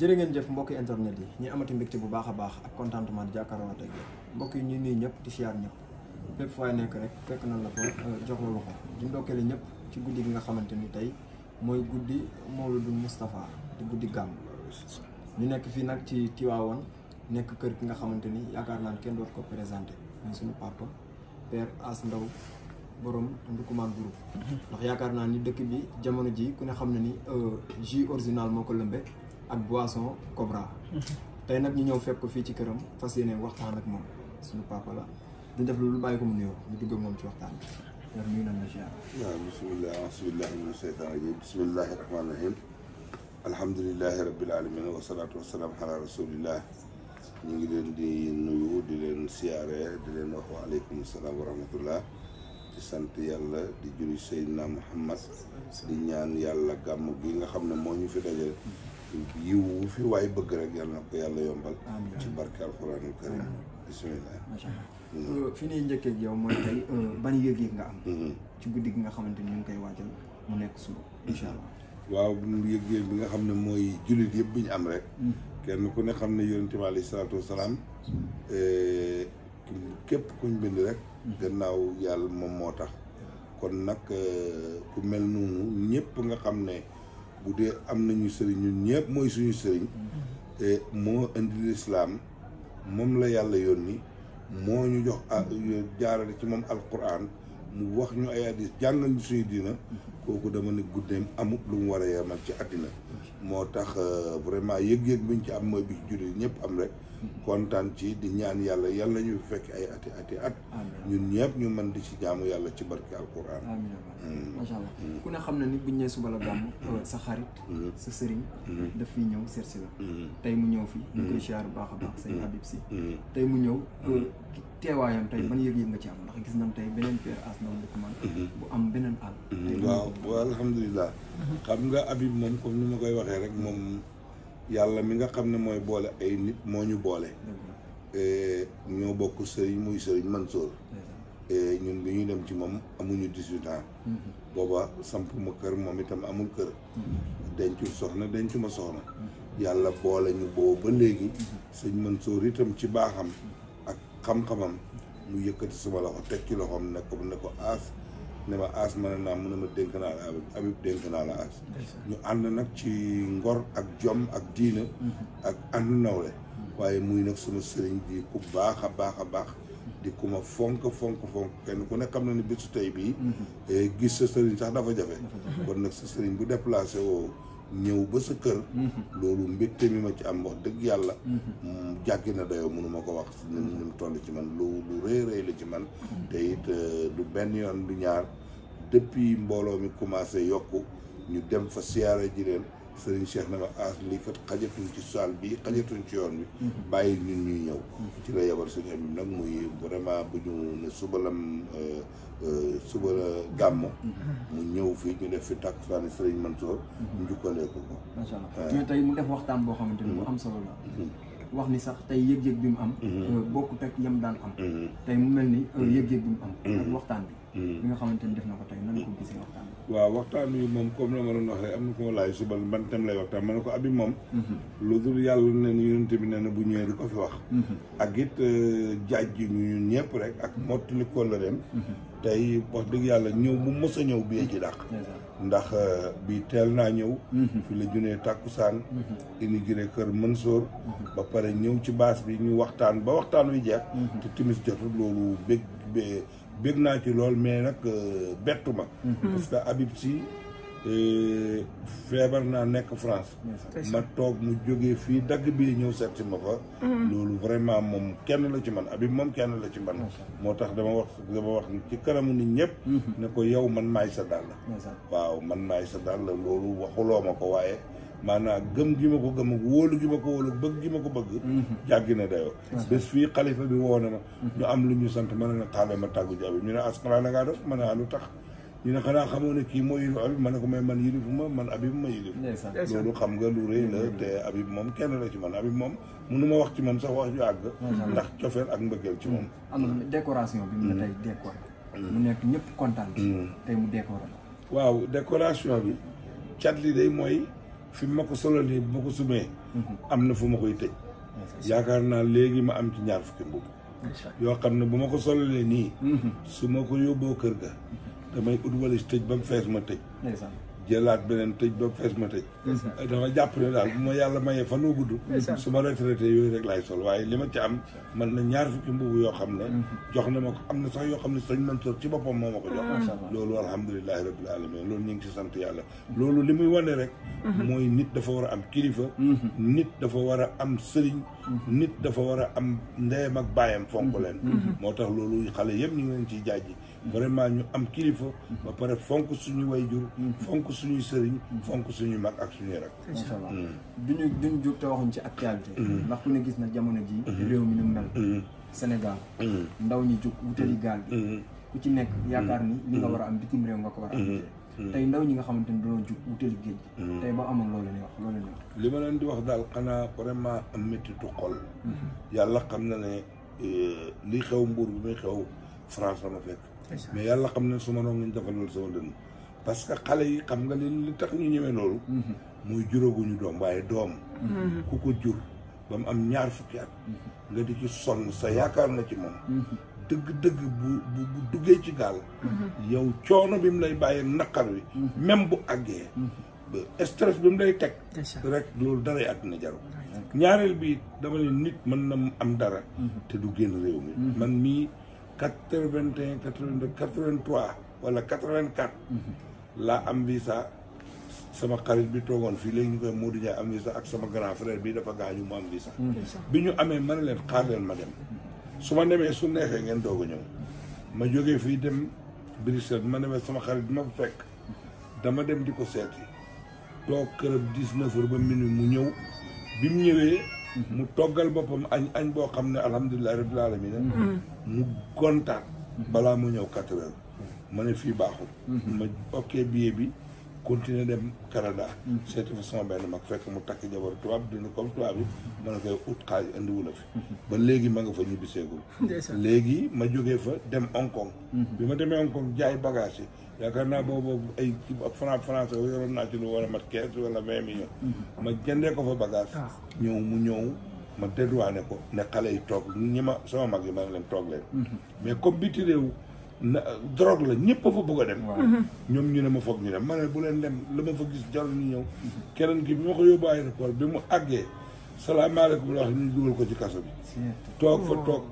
jërë ngeen jëf mbokki internet yi ñu amati mbégte bu baax a baax ak contentement di jàkkaarloo ak mbokk yi ñu nii ñëpp di siyaar ñëpp fépp fooy nekk rek fekk nañ la ko euh, jox la loxo di ndokkale ñëpp ci guddi gi nga xamante ni tey mooy guddi Mawlidou Moustapha di guddi gàmm ñu nekk fii nag ci Tiwaawan nekk kër ki nga xamante ni yaakaar naan kenn doot ko présenté muy suñu papa Père As Ndaw borom Ndoukoumane groupe mhm. ndax yaakaar naa ni dëkk bi jamono ji ku ne xam ne ni euh, jus original moo ko lëmbe ak boisson Cobra. tey nag ñu ñëw fekk ko fii ci këram fas yéene waxtaan ak moom suñu papa la ñu def lu bàyyi ko mu nuyoo ñu dugg moom ci waxtaan bi. yow nuyu nañ la si alamin wasalaatu wasalaam ala rasulillah ñu ngi leen di nuyu di leen siyaare di leen wax waaleykum salaam wa rahmatullah di sant yàlla di julli Seydina Muhammad di ñaan yàlla gàmm gi nga xam ne moo ñu fi dajale yiw wu fi waaye bëgg rek yàlla na ko yàlla yombal ci barke alxuraanul karim bismillah macha allah mm. fi ñuy njëkkee yow mooy tey euh, ban yëg-yëg nga am mm-hmm. ci guddi gi nga xamante ni ñu ngi koy waajal mu nekk suba incha mm-hmm. allah waaw yëg-yëg bi nga xam ne mooy jullit yëpp bi ñu am rek mm. kenn ku ne xam ne yonente bi alayhi salaatu wasalaam mm. euh, képp kuñ bind rek gannaaw yàlla moom moo tax kon nag euh, ku mel noonu ñëpp nga xam ne bu dee am nañu sëriñ ñun ñëpp mooy suñu sëriñ te moo indi lislaam moom la yàlla yoon yónni moo ñu jox jaarale ci moom alquran mu wax ñu ay hadis jàngal suñu diina kooku dama ne guddeem amut lu mu war a yemal ci àddina moo tax euh, vraiment yëg-yëg biñ ci am mooy bi ci jullit ñëpp am rek kontaan ci di ñaan yàlla yàlla ñu fekk ay ati ati at ñu ñëpp ñu man di ci jaamu yàlla ci barke alquran amiin macha mm. allah mm. ku ne xam na ni buñ ñëwee suba la gàmm mm. euh, sa xarit sa sëriñ daf fi ñëw seet si la tey mu ñëw fi ñu koy siyaar bu baax a baax sëñ Habib si tey mu ñëw euh, teewaayam tey ban yëg-yëg nga ci am ndax gis nañ tey beneen père as ndaw man bu am beneen àll mm-hmm. waaw waaw mm-hmm. xam nga Habib moom comme ni ma koy waxee rek moom yàlla mi nga xam ne mooy boole ay nit moo ñu boole mhm. eh, ñoo bokk sëriñ muy sëriñ Mansour mhm. eh, ñun bi ñu dem ci moom amuñu dix-huit ans mhm. booba samp kër moom itam amul kër dencu soxna dencu ma soxna yàlla boole ñu boobu ba léegi sëñ Mansour itam ci baaxam ak xam-xamam mu yëkkati sama loxo teg ci loxoom ne ko ne ko aas ne ma aas ma ne naa mu ne ma dénk naa la abib abib dénk naa la aas ñu ànd nag ci ngor ak jom ak diina mm-hmm. ak ànd nawle waaye muy nag suma sëriñ di ku baax a baax a baax di ku ma fonk fonk fonk kenn ku ne xam na ne bésu tey bii mm-hmm. eh, gis sa sëriñ sax dafa jafe kon nag sa sëriñ bu déplacé woo ñëw ba sa kër mm-hmm. loolu mbégte mi ma ci am wax dëgg yàlla mm, jàggi na dayoo mënu ma ko wax ni mu toll ci man lu lu rëy rëy la ci man te eh, du benn yoon du ñaar depuis mbooloo mi commencé yokku ñu dem fa siyaara ji leen sëriñ Cheikh na ma aas ah, lii kat xajatuñ ci saal bi xajatuñ ci yoon bi bàyyi ñun ñuy ñëw ci la yabal sëriñ Habib nag muy vraiment bu ñu ne suba lam euh, euh, suba la gàmmu mu ñëw fii ñu def fi takkusaani sëriñ Mansour ñu njukkalee ko ko macha allah mais tey mu def waxtaan boo xamante ni bu am solo la mm-hmm. wax ni sax tey yëg-yëg bi mu am mm-hmm. euh, bokkut ak yam daan am mm-hmm. tey mu mel ni yëg-yëg bi mu am ak waxtaan bi li mm. nga xamante ni waxtaan waaw waxtaan wi moom comme la ma doon waxee am na ko laaj suba ban thème lay waxtaan ma a ko abi moom mm-hmm. lu dul yàlla ne n yonente bi nee bu ñëwee di ko fi wax mm-hmm. ak it euh, jaaj ji ñu ñun ñëpp rek ak mottali kóllëreem mm-hmm. tey wax dëgg yàlla ñëw bu mës a ñëw biyee ji dàq ndax euh, bi teel naa ñëw fi la junee tàkkusaan inauguré kër Mansour ba pare ñëw ci baas bi ñu waxtaan ba waxtaan wi jeex te timis jotul loolu bég bég naa ci lool mais nag euh, bettu ma mhm. Mhm. parce que Habib Sy euh, feebar naa nekk France ma toog mu jógee fii dagg bii ñëw seet ma fa mhm. loolu vraiment moom kenn la ci man Habib moom kenn la ci man moo tax dama wax dama wax ci kanamu ni ñëpp ne ko yow man maay sa dàll waaw man maay sa dàll loolu waxuloo ma ko waaye maanaam gëm gi ma ko gëm wóolu gi ma ko wóolu bëgg gi ma ko bëgg mhm. jàggi na dayoo bés fii xalifa bi woo na mhm. ñu am lu ñu sant mën na xaale ma tàgg ji abi ñu ne askanaa na ngaa def mën a ah, lu tax ñu ne xanaa ne kii moo ma ko may man yilifu ma man abib ma yilif xam nga lu rëy la te abib moom kenn la ci man abib moom mënu ma wax ci man sax wax ju àgg ndax cofeel ak mbëggeel ci moom am na décoration bi mu la tey décoré mm-hmm. mu nekk ñëpp kontaan mm-hmm. tey mu décoré waaw décoration bi cat li day mooy fi ma ko solal nii bu ma ko sumee mhm. am na fu ma koy tëj yaakaar naa léegi ma am ci ñaar fukki mbubb yoo xam ne bu ma ko solalee nii mhm. su ma ko yóbboo kër ga mhm. damay ut walis tëj ba mu fees ma tëj jëlaat beneen tëj ba fees ma tëj dama jàpp ne daal bu yàlla mayee fa wu gudd su ma retraité yooyu rek laay sol waaye li ma ci am man na ñaar fukki mbubu yoo xam ne jox na ma ko am na sax yoo xam ne sëñ Mansour ci boppam moo ma ko jox loolu alhamdulilahi rabbil alamin loolu ñu ngi ci sant yàlla Mm-hmm. mooy nit dafa war a am kilifa mm-hmm. nit dafa war a am sëriñ mm-hmm. nit dafa war a am ndeyam ak bàyyam fonk leen moo tax loolu xale yëpp ñu ngi leen ciy jaajji vraiment ñu am kilifa ba pare fonk suñu wayjur fonk suñuy sëriñ fonk suñu mag ak suñuy rak macha allah duñu duñu jóg te waxuñ ci actualité ndax ku ne gis na jamono ji réew mi nu mel Sénégal ndaw ñi jóg wutali gaal bi ku ci nekk yaakaar ni li nga war a am bitim réew nga ko war a am Hmm. tey ndaw ñi nga xamante ni dañoo jug wuteelu géej gi. Hmm. tey ba amul loolu la ñuy wax loolu la ñuy wax. li ma leen di wax daal xanaa vraiment am méttiitu xol. Hmm. yàlla xam na ne eh, li xew mbuur bi muy xew France sama fekk. mais yàlla xam ne su ma noonu lañ defal loolu sama dënn parce que xale yi xam nga li li tax ñu ñëwee loolu. muy juróoguñu doom waaye doom. ku ko jur ba mu am ñaar fukki at. nga di ci sonn sa yaakaar na ci moom. dëgg-dëgg bu bu bu duggee ci gaal. Mm-hmm. yow coono bi mu lay bàyyee naqar wi. Mm-hmm. même bu àggee. Mm-hmm. ba stress bi mu lay teg. rek loolu daray àdduna jaru ñaareel bi dama ne nit mën na am dara. te du génn réew mi. man mii quatre vingt un quatre vingt quatre vingt wala quatre vingt quatre. laa am visa. sama xarit bi toogoon fii léegi ñu koy Modou Ndiaye am visa ak sama grand frère bi dafa gaañu mu am visa bi ñu amee mën leen xaar leen ma dem su ma demee su neexee ngeen doog a ñëw ma jógee fii dem Bruxelles ma nemee sama xarit bi ma fa fekk dama dem di ko seeti toog këram dix-neuf heures ba minuit mu ñëw bi mu ñëwee mu toggal boppam añ añ boo xam ne alhamdulilah rabbil alamin mu gontaat balaa mu ñëw quatre ma ne fii baaxul mhm. ma okkee billet bi continuer dem Canada. seeti fa sama benn mag fekk mu takk jabar tubaab dund comme tubaab bi. ma ne koy ut xaaj andiwu la fi. ba léegi ma nga fa ñibbiseegul. léegi ma jógee fa dem Hong Kong. bi ma demee Hong Kong jaay bagage yi. yaakaar naa boobu ay franc français yoroon naa ci lu war a mat quinze wala vingt millions. Mhm. ma jëndee ko fa bagage. Ah. ñëw mu ñëw. ma dédouané ko ne xale yi toog ñi ma sama mag yi ma ngi leen toog leen. Mhm. mais comme biti réew. na drogue la ñëpp a fa bëgg a dem. Mhm. ñoom ñu ne ma foog ñu dem ma bu leen dem la ma fa gis jarul ñu ñëw. keneen ki bi ma ko yóbbu aéroport bi mu àggee salaamaaleykum la wax ko ci kaso bi. toog fa toog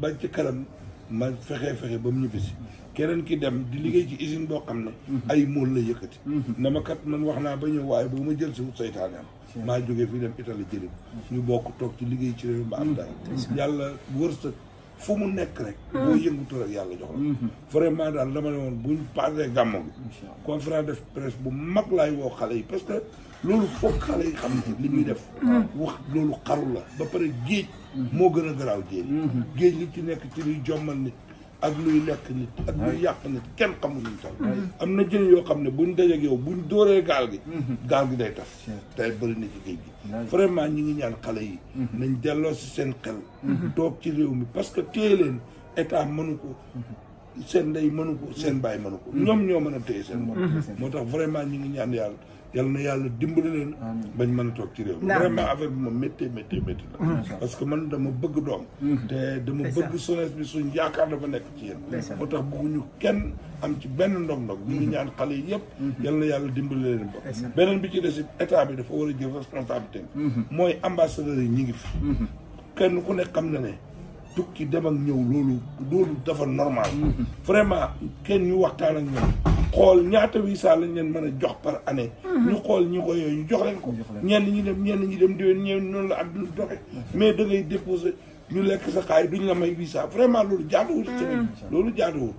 ba ci kanam ma fexe fexe ba mu ñibbisi. keneen ki dem di liggéey ci usine boo xam ne. Mhm. ay mool la mhm. na ma kat man wax naa ba ñëw waaye bu ma jël si wut seytaane am. maa jógee fii dem Italie jëli ñu bokk toog ci liggéey ci réew mi ba am dara. yàlla wërsëg. fu mu nekk rek. Hmm. boo yëngatu rek yàlla jox la. Hmm. vraiment daal dama ne woon buñ paree gàmmo gi. conférence def presse bu mag laay woo xale yi parce que loolu foog xale yi xam ci li muy def. Hmm. wax loolu xaru la ba pare géej. moo gën a garaaw géej. géej li ci nekk ci luy jommal ni ak luy lekk nit ak luy yàq nit kenn xamul ñu toll am na jën yoo xam ne buñ dajeeg yow buñ dóoree gaal gi mhm. gaal gi day tas day bëri na ci géej gi vraiment ñi ngi ñaan xale yi mhm. nañ delloo si seen xel mhm. toog ci réew mi parce que téye leen état mënu ko seen ndey mënu ko seen baay mënu ko ñoom ñoo mën a téye seen bopp moo tax vraiment ñi ngi ñaan yàlla yal na yàlla dimbali leen bañ mën a toog ci réew vraiment affaire bi moom métti métti métti la parce que man dama bëgg doom mm. te dama bëgg jeunesse bi suñ yaakaar dafa nekk ci yéen moo tax ñu kenn am ci benn ndom ndom ñu ngi mm-hmm. ñaan xale yi yëpp yal na yàlla dimbali leen ba beneen bi ci des état bi dafa war a jël responsabilité mm-hmm. mooy ambassadeurs yi ñu ngi fi mm-hmm. kenn ku nekk xam na ne tukki dem ak ñëw loolu loolu dafa normal. vraiment kenn ñu waxtaan ak ñoom xool ñaata visa lañ leen mën a jox par année. Mhm. ñu xool ñi ko yooyu ñu jox leen ko. ñenn ñi dem ñenn ñi dem déwén ñenn noonu la ak du doxe mhm. mais da ngay déposer. lu lekk sa xaay ñu la may visa vraiment loolu jaaduwul ci mm. loolu jaaduwul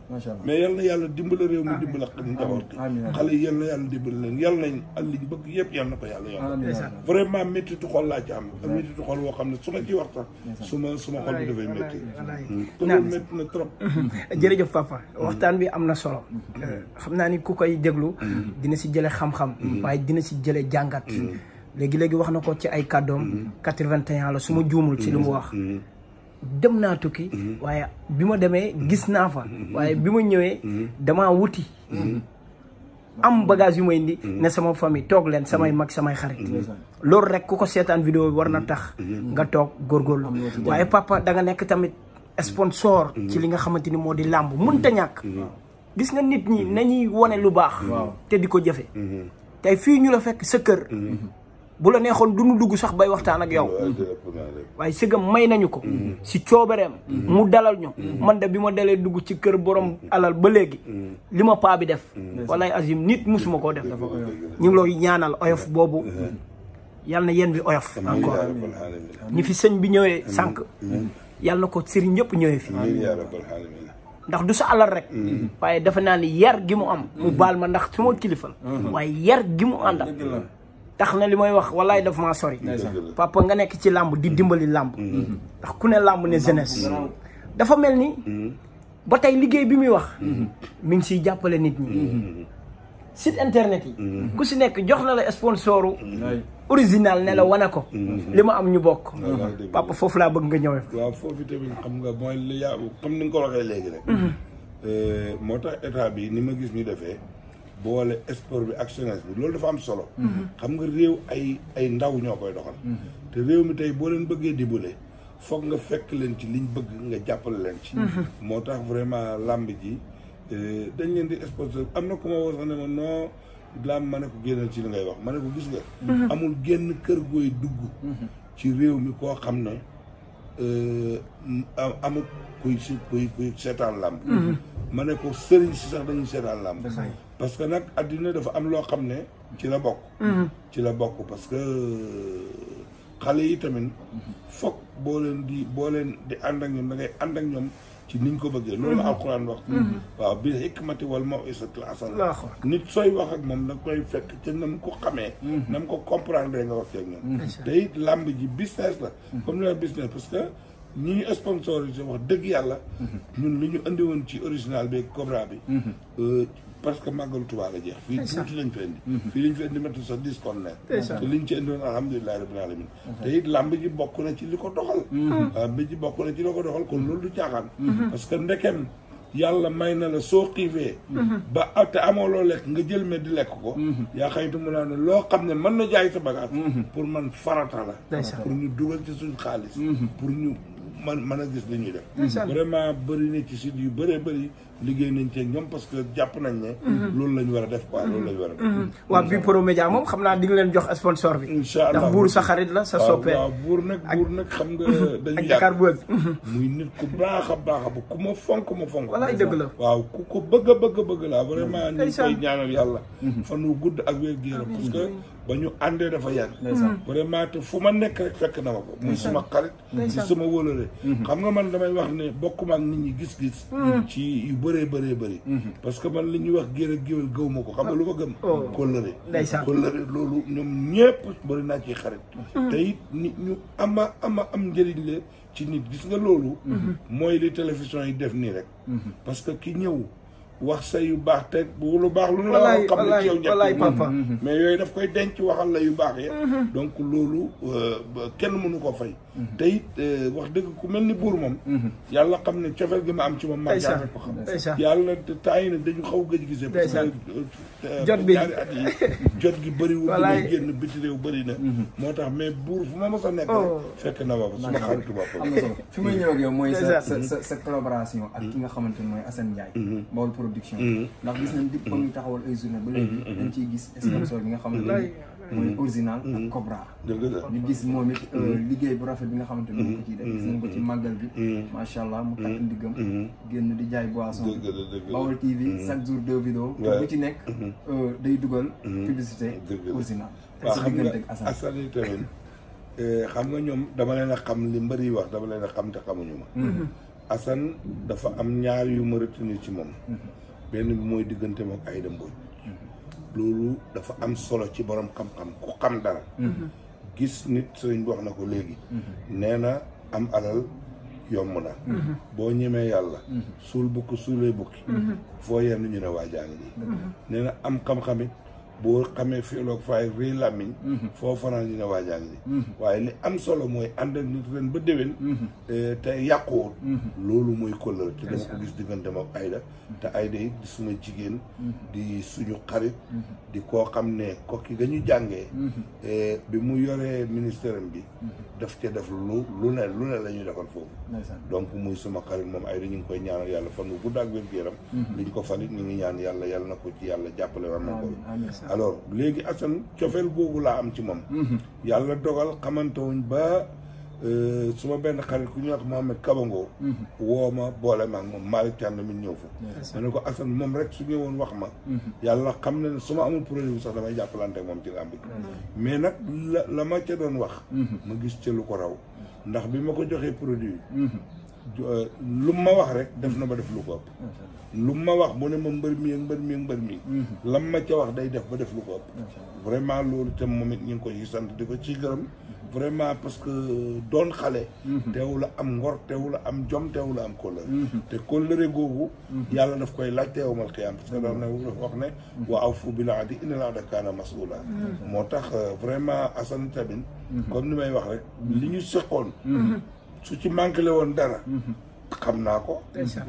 mais yal na yàlla dimbali réew mi dimbali ak njaboot gi xale yi yal na yàlla dimbali leen yal nañ ak liñ bëgg yëpp yal na ko yàlla vraiment méttitu xol laa ci am ak méttitu xol xam ne su ma ci wax sax su ma su ma xol bi dafay métti mm. te loolu jërëjëf papa mm. waxtaan bi am na solo euh, xam naa ni ku koy déglu dina si jële xam waaye dina si jële jàngat léegi-léegi wax na ko ci ay kàddoom quatre-vingt-un la su juumul ci li mu wax dem naa tukki. Mhm. waaye bi ma demee mhm. gis naa fa. Mhm. waaye bi ma ñëwee. damaa wuti. am bagage yu ma indi. ne sama famille toog leen samay mag samay xarit. loolu rek ku ko seetaan vidéo war na tax. nga toog góorgóorlu. waaye papa da nga nekk tamit sponsor. ci li nga xamante ni moo di làmb mënta ñàkk. gis nga nit ñi nañuy wone lu baax. te di ko jëfe te fii ñu fekk sa kër. bu la neexoon du dugg sax bay waxtaan ak yow. waaye sëgam may nañu ko. Mm-hmm. si coobareem. Mm-hmm. mu dalal ñu. Mm-hmm. man de bi ma dalee dugg ci kër borom alal ba léegi. li ma paa bi def. wallaay azim nit musuma koo def. ñu ngi looy ñaanal oyof boobu. yal na yéen bi oyof. encore fi sëñ bi ñëwee sànq. yal na ko sëriñ ñëpp ñëwee fi. ndax du sa alal rek waaye dafa naa ni yar gi mu am mu baal ma ndax suma ma kilifa la waaye yar gi mu àndal tax na li may wax wallaay daf maa sori. papa nga nekk ci làmb di dimbali làmb. Mm-hmm. ndax ku ne làmb ne jeunesse. Mm-hmm. dafa mel ni. Mm-hmm. ba tey liggéey bi muy wax. mi ngi siy jàppale nit ñi. site internet yi. ku si nekk jox na la sponsoru original ne la wane ko. li ma am ñu bokk. papa foofu laa bëgg nga ñëwee. waaw foofu tamit xam nga ni ko waxee léegi rek. Euh, moo bi ni ma gis ñu defee. boole sport bi ak bi loolu dafa am solo. Mhm. xam nga réew ay ay ndaw ñoo koy doxal. Mhm. te réew mi tey boo leen bëggee bule foog nga fekk leen ci liñ bëgg nga jàppale leen ci. Mhm. moo tax vraiment làmb ji eh, dañ leen di sponsor am na ku ma woo ne ma làmb ma ne ko génnal ci li ngay wax ma ne ko gis nga. amul génn kër gooy dugg. ci réew mi koo xam ne eh, amul kuy si kuy kuy seetaan làmb. ma ne ko sëriñ si sax dañuy seetaan làmb. parce que nag adduna dafa am loo xam ne ci la bokk mm-hmm. ci la bokk parce que xale yi tamit foog boo leen di boo leen di ànd ak ñoom da ngay ànd ak ñoom ci niñ ko bëggee loolu mm-hmm. alquran wax mm-hmm. waaw bil hikmati wal mawisatil asana nit sooy wax ak moom da koy fekk ca nam ko xamee nam ko comprendre nga wax ak ñoom te làmb ji business la comme ne business parce que ñi ñu sponsorisé wax dëgg yàlla. ñun li ñu andi woon ci original bi Cobra bi. Euh, parce que màggalu Tuubaa la jeex. fii tuuti lañ fa indi. Mhm. fii lañ fa indi météo sax dix kon te liñ ci indi woon alhamdulilah rabbil alamin mhm. te it làmb ji bokk na ci li ko doxal. Mhm. Ah, làmb ji bokk na ci li ko doxal kon loolu du caaxaan. parce que ndekem yàlla may na la soo xiifee. ba te amoo loo lekk nga jël me di lekk ko. yaa xaytu mu naa ne loo xam ne mën na jaay man mën a gis li ñuy def vraiment bëri na ci sites yu bëree bëri liggéey nañ ci ñoom parce que jàpp nañ ne mhm. loolu lañ war a def quoi loolu lañ war a def mhm. waa bi Pro Média moom xam naa di nga leen jox sponsor bi incha allah ndax buur sa xarit la sa soppee buur nag buur nag xam nga dañu ak Dakar Buzz muy nit ku baax a baax ba ku ma fonk ma fonk la waaw ku ko bëgg a bëgg a bëgg laa mhm. vraiment ñu koy ñaanal yàlla fan wu gudd ak wér-gu-yaram parce que ba ñu àndee dafa yàgg mm-hmm. vraiment te fu ma nekk rek fekk na ma ko muy suma xarit di suma wóolale mm-hmm. xam nga man damay wax ne bokkuma ak nit ñi gis-gis mm-hmm. ci yu bëree bëree bëri parce que man li ñuy wax géer ak géwél gëw ma ko xam nga lu ko gëm oh. kóllëre kóllëre loolu ñoom ñëpp bëri naa ci xarit te it nit ñu ama ama am njëriñ la ci nit gis nga loolu mooy li télévision yi def nii rek parce que ki ñëw wax sa yu baax teg bu lu baax lu nu la xam ne ci yow njëkk papa mm-hmm. mais yooyu daf koy denc waxal la yu baax ya mm-hmm. donc loolu euh, kenn mënu ko fay mm-hmm. te it euh, wax dëgg ko mel ni buur moom yàlla xam ne cofeel gi ma am ci moom ma jaare yàlla taay na dañu xaw gëj gisee parce que euh, jot bi at yi jot gi bëriwul ñu génn biti réew bëri na moo tax mais buur fu ma mës a nekk oh. fekk na waaw suma xaritu bopp am na solo fi may ñëw ak yow mooy sa sa sa collaboration ak ki nga xamante ni mooy Assane Ndiaye production. Mm-hmm. ndax gis nañ di comme yi taxawal ay journée ba léegi. Mm-hmm. gis mm-hmm. sponsor bi nga xamante ne mooy original ak Cobra. ñu gis moom it euh, liggéey bu rafet bi nga xamante ne ko ciy def gis nañ ko ci màggal bi. macha allah mu takk ndiggam. génn di jaay boisson bi. Baol TV chaque jour deux vidéos. te bu ci nekk euh, day dugal. publicité original. waaw xam nga Assane tamit euh, xam nga ñoom dama leen a xam li mbër yi wax dama leen a xam te xamuñu ma. Assane dafa am ñaar yu ma retenir ci moom benn bi mooy diggante moom ay dem Mbodj loolu dafa am solo ci borom xam-xam ku xam dara gis nit sëriñ bi na ko léegi nee na am alal yomb na boo ñemee yàlla suul bukki suulee bukki foo yenn ñu ne waajaa ngi nii na am xam-xamit boo xamee filoog faay rëy làmmiñ mhm. foo fanaan dina waajaa ngi ni mhm. waaye li am solo mooy ànd ak ren ba déwén mhm. eh, te yàquwul loolu mooy kóllëre te dama ko gis diggante ak Aïda te Aïda it di suma jigéen di suñu xarit di koo xam ne ko ki ñu jàngee eh, bi mu yoree ministère bi daf ca def lu lu ne lu ne la ñuy defal foofu donc muy suma xarit moom Aïda ñu ngi koy ñaanal yàlla fan bu gudd ak wér-gu-yaram liñ ko fan ñu ngi ñaan yàlla yàlla na ko ci yàlla jàppale alors léegi Assane cofeel boobu laa am ci moom mhm. yàlla dogal xamante wuñ ba euh, suma benn xarit ku ñuy wax Mohamed Kabango mhm. woo ma boole ma ak moom Malick Thiam mi ñëw fa ma ne ko Assane moom rek su ñëwoon wax ma mhm. yàlla xam na ne su ma amul projet bi sax damay jàppalante moom ci làmb bi mais nag la la ma ca doon wax ma gis ca lu ko raw ndax bi ma ko joxee produit Euh, lu ma wax rek def na ba def lu ko ëpp lu ma wax mu ne ma mbër mi ak mbër mi ak mbër mi mm-hmm. lam ma ca wax day def ba def lu ko ëpp vraiment loolu tam moom it ñu ngi koy ci di ko ci gërëm mm-hmm. vraiment parce que doon xale mm-hmm. teewu la am ngor teewu la am jom teewu la am kóllëre te kóllëre googu yàlla daf koy laaj te yowmal qiyaam parce que daal na dafa wax ne wa awfu bil ahdi inna al ahda kaana mas'uula moo tax euh, vraiment Assane tamit comme ni may wax rek li ñu seqoon su ci manqué woon dara mhm. xam naa ko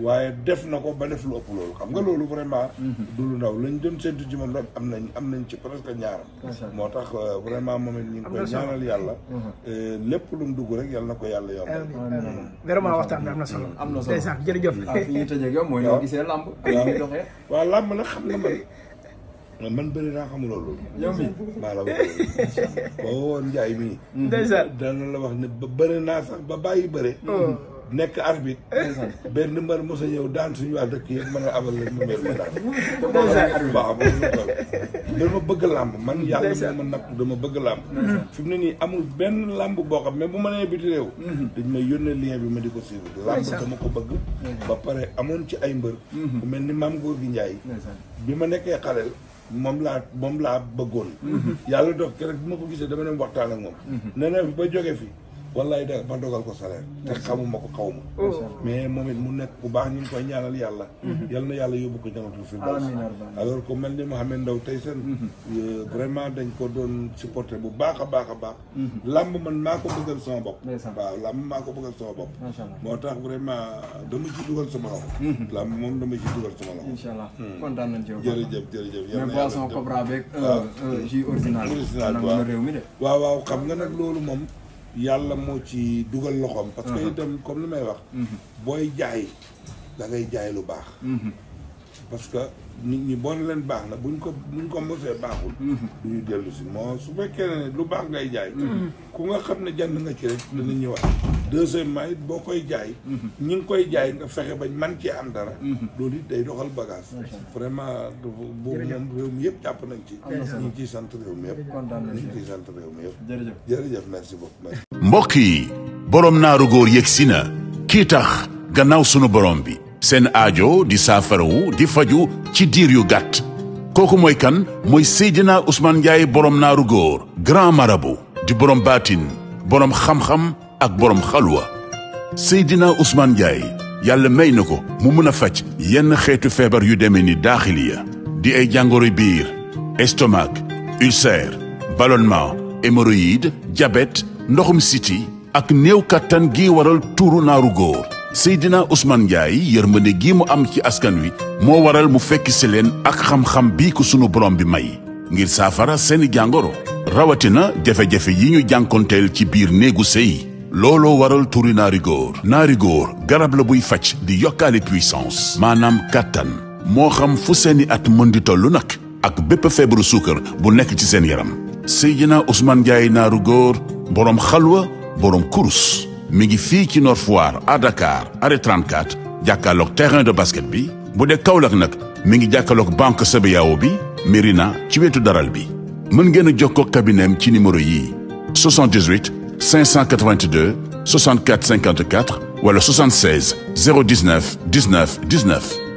waaye def na ko ba def lu ëpp loolu xam nga loolu vraiment mhm. du lu ndaw lañ doon séntu ci moom rek am na am nañ ci presque ñaaram moo tax euh, vraiment moom it ñu ngi koy ñaanal yàlla mhm. euh, lépp lu mu dugg rek yàlla na ko yàlla yomb vraiment waxtaan bi am na na solo jërëjëf ah, fi ñu tëjee yow mooy ñoo gisee làmb joxee waaw làmb xam nga man man bëri naa xamul loolu. yow mii maa la wax ba woon Ndiaye mii. ndeysaan la wax ne ba bëri naa sax ba bàyyi bëre. Oh. nekk arbitre. benn mbër mos a ñëw daan suñu waa dëkk yëpp mën a abal la ma daan. ndeysaan waaw dama bëgg làmb man yàlla ma napp dama bëgg làmb. fi ne nii amul benn làmb boo xam mais bu ma nee biti réew. Mhm. dañ may yónnee lien bi ma di ko suivre. làmb dama ko bëgg. ba pare amoon ci ay mbër. bu mhm. mel ni maam góor gi Njaay bi ma nekkee xaleel moom laa moom laa bëggoon. Mm-hmm. yàlla doog keroog bi ma ko gisee dama dem waxtaan ak moom. Mm-hmm. ne na ba jóge fi. wallaay da ma dogal ko salaire te xamuma ko xaw ma oh. mais moom it mu nekk bu baax ñu ngi koy ñaanal yàlla mhm. yal na yàlla yóbbu ko jamatul firdaws alors que mel ni tey seen mhm. euh, vraiment dañ ko doon supporter bu baax a baax a baax mhm. làmb man maa ko bëggal sama bopp waaw làmb maa ko bëggal sama bopp moo tax vraiment dama ci dugal sama loxo làmb moom dama ci dugal sama loxo incha allah hmm. kontaan nañ ci jërëjëf jërëjëf mais boisson cobra beeg euh, euh, jus original original waaw réew mi de waaw waaw xam nga loolu moom yàlla moo ci dugal loxoom. parce que uh-huh. itam comme li may wax. Mm-hmm. booy jaay da ngay jaay lu baax. Mm-hmm. parce que nit ñi boo leen baax na buñ ko buñ ko mosee baaxul. Mm-hmm. du ñu dellu si moo su fekkee ne lu baax ngay jaay. ku nga xam ne jënd nga ci rek dana ñëwaat. deuxièmement it boo koy jaay mhm. ñi ngi koy jaay nga fexe bañ man cee am dara mhm. loolu it day vraiment boobu yëpp jàpp nañ ci ñu ngi sant réew mi yëpp ñu ngi ciy sant réew mi yëpp jërëjëf mbokk yi boroom naaru góor yëg si na kii tax gannaaw sunu borom bi seen aajo di saafarawu di faju ci diir yu gàtt kooku mooy kan mooy Seydina Ousmane Ndiaye borom naaru góor grand marabout di borom baatin borom xam-xam ak borom xalwa Seydina Ousmane Ndiaye yàlla may na ko mu mën a faj yenn xeetu feebar yu demee ni daaxiliya di ay jàngoro biir estomac ulcère ballonnement hémorroïde jabet ndoxum siti ak néew kàttan gi waral tuuru naaru góor Seydina Ousmane Ndiaye yërmande gi mu am ci askan wi moo waral mu fekk si leen ak xam-xam bii ko sunu borom bi may ngir saafara seeni jàngoro rawatina jafe-jafe yi ñu jànkonteel ci biir néegu sëy looloo waral turi naari góor naari góor garab la buy faj di yokkaale puissance maanaam kàttan moo xam fu seeni at mën di tollu nag ak bépp feebaru suukar bu nekk ci seen yaram Seydina Ousmane Ndiaye naaru góor boroom xalwa boroom kurus mi ngi fii ci Nord Foire à Dakar arrêt 34 jàkkaarloog terrain de basket bi bu dee Kaolack nag mi ngi jàkkaarloog banque CBAO bi Mérina ci wetu daral bi mën ngeen a jokkoo kabineem ci numéro yii 78 582 64 54 wala 76 019 19 19